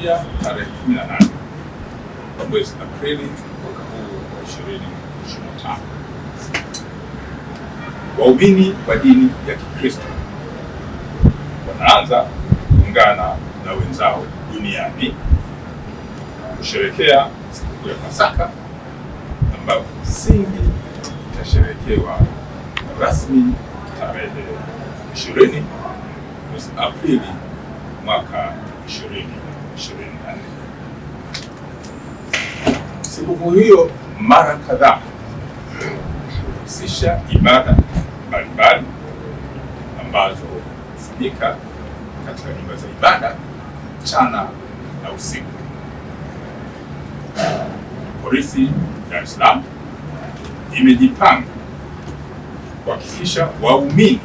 kuanzia tarehe 18 mwezi Aprili mwaka huu wa 2025. Waumini wa dini ya Kikristo wanaanza kuungana na wenzao duniani kusherekea sikukuu ya Pasaka ambayo msingi itasherekewa rasmi tarehe 20 mwezi Aprili mwaka ishirini Sikukuu hiyo mara kadhaa kuhusisha ibada mbalimbali ambazo hufanyika katika nyumba za ibada mchana na usiku. Polisi Dar es Salaam imejipanga kuhakikisha waumini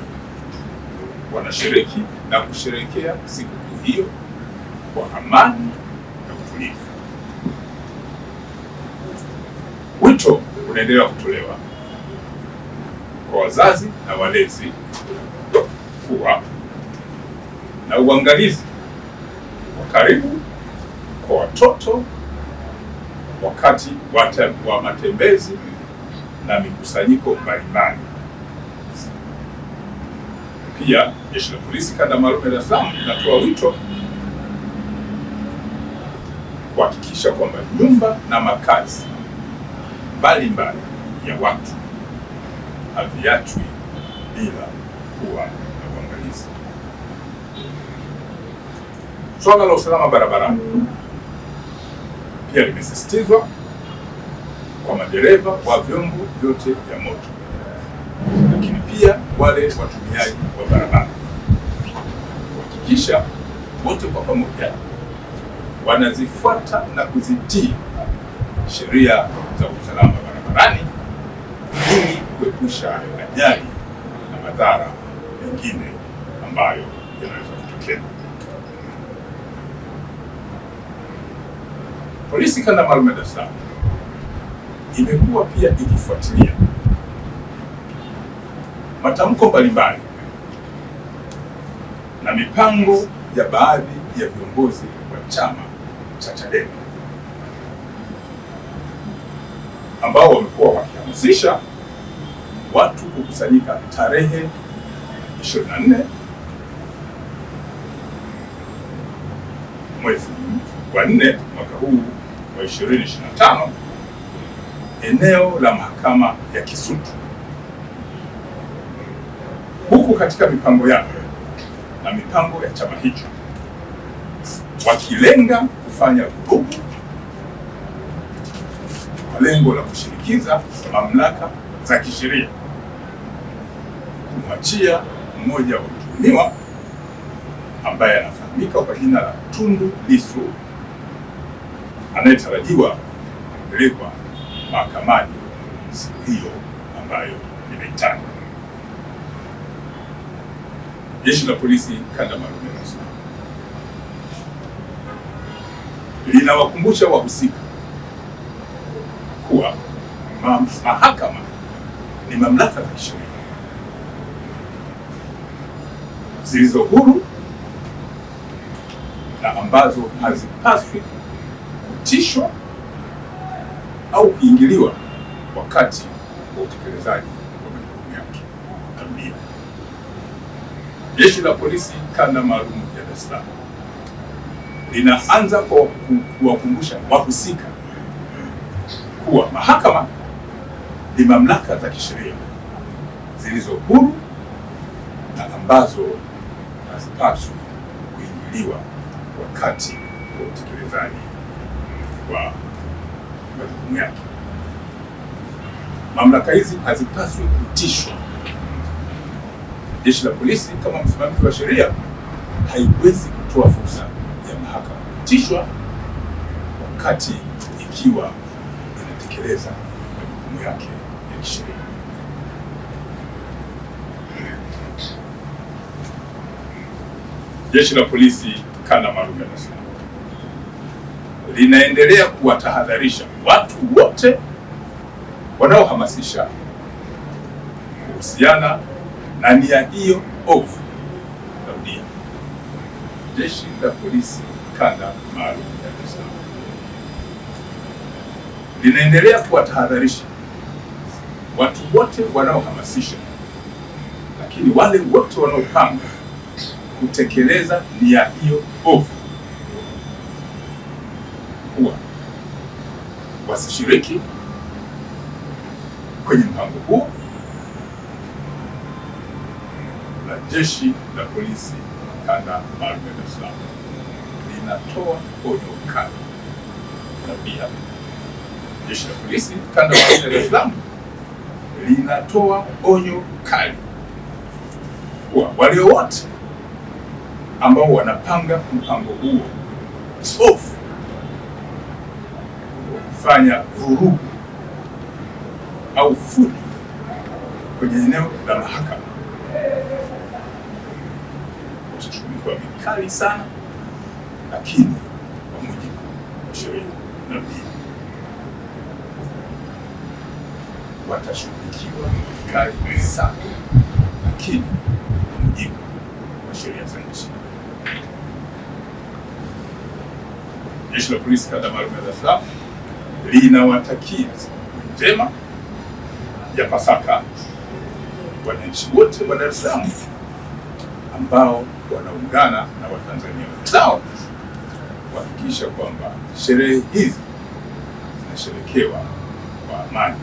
wanashiriki na kusherekea sikukuu hiyo kwa amani na utulivu. Wito unaendelea kutolewa kwa wazazi na walezi kuwa na uangalizi wa karibu kwa watoto wakati wa matembezi na mikusanyiko mbalimbali. Pia Jeshi la Polisi Kanda Maalum ya Dar es Salaam linatoa wito kuhakikisha kwamba nyumba na makazi mbalimbali ya watu haviachwi bila kuwa na uangalizi. Swala la usalama barabarani pia limesisitizwa kwa madereva wa vyombo vyote vya moto, lakini pia wale watumiaji wa barabara kuhakikisha wote kwa pamoja wanazifuata na kuzitii sheria za usalama barabarani ili kuepusha ajali na madhara mengine ambayo yanaweza kutokea. Polisi Kanda Maalum ya Dar es Salaam imekuwa pia ikifuatilia matamko mbalimbali na mipango ya baadhi ya viongozi wa chama cha Chadema ambao wamekuwa wakihamasisha watu kukusanyika tarehe 24 mwezi wa 4 mwaka huu wa 2025 eneo la mahakama ya Kisutu, huku katika mipango yake na mipango ya chama hicho wakilenga kufanya vurugu kwa lengo la kushinikiza mamlaka za kisheria kumwachia mmoja wa mtuhumiwa ambaye anafahamika kwa jina la Tundu Lissu anayetarajiwa kupelekwa mahakamani siku hiyo ambayo nimeitaja. Jeshi la Polisi kanda maalum linawakumbusha wahusika kuwa ma mahakama ni mamlaka za kisheria zilizo huru na ambazo hazipaswi kutishwa au kuingiliwa wakati wa utekelezaji wa majukumu yake kamili. Jeshi la Polisi kanda maalum ya Dar es Salaam linaanza kwa kuwakumbusha wahusika kuwa mahakama ni mamlaka za kisheria zilizo huru na ambazo hazipaswi kuingiliwa wakati wa utekelezaji wa majukumu yake. Mamlaka hizi hazipaswi kutishwa. Jeshi la polisi kama msimamizi wa sheria haiwezi kutoa fursa kupitishwa wakati ikiwa inatekeleza majukumu yake ya kisheria. Jeshi la Polisi Kanda Maalum ya Dar es Salaam linaendelea kuwatahadharisha watu wote wanaohamasisha kuhusiana na nia hiyo ovu. Narudia, Jeshi la Polisi kanda maalum ya Dar es Salaam. Ninaendelea kuwatahadharisha watu wote wanaohamasisha, lakini wale wote wanaopanga kutekeleza nia hiyo ovu kuwa wasishiriki kwenye mpango huu la jeshi la polisi kanda maalum ya Dar es Salaam linatoa onyo kali pia jeshi la polisi kanda ya Dar es Salaam linatoa onyo kali kwa wale wote ambao wanapanga mpango huo sofu kufanya vurugu au fujo kwenye eneo la mahakama, kwa vikali sana lakini kwa mujibu wa sheria na dini watashughulikiwa vikali sana, lakini kwa mujibu wa sheria za nchi. Jeshi la Polisi Kanda Maalum ya Dar es Salaam linawatakia sikukuu njema ya Pasaka wananchi wote wa Dar es Salaam ambao wanaungana na Watanzania wenzao kuhakikisha kwamba sherehe hizi zinasherekewa kwa amani.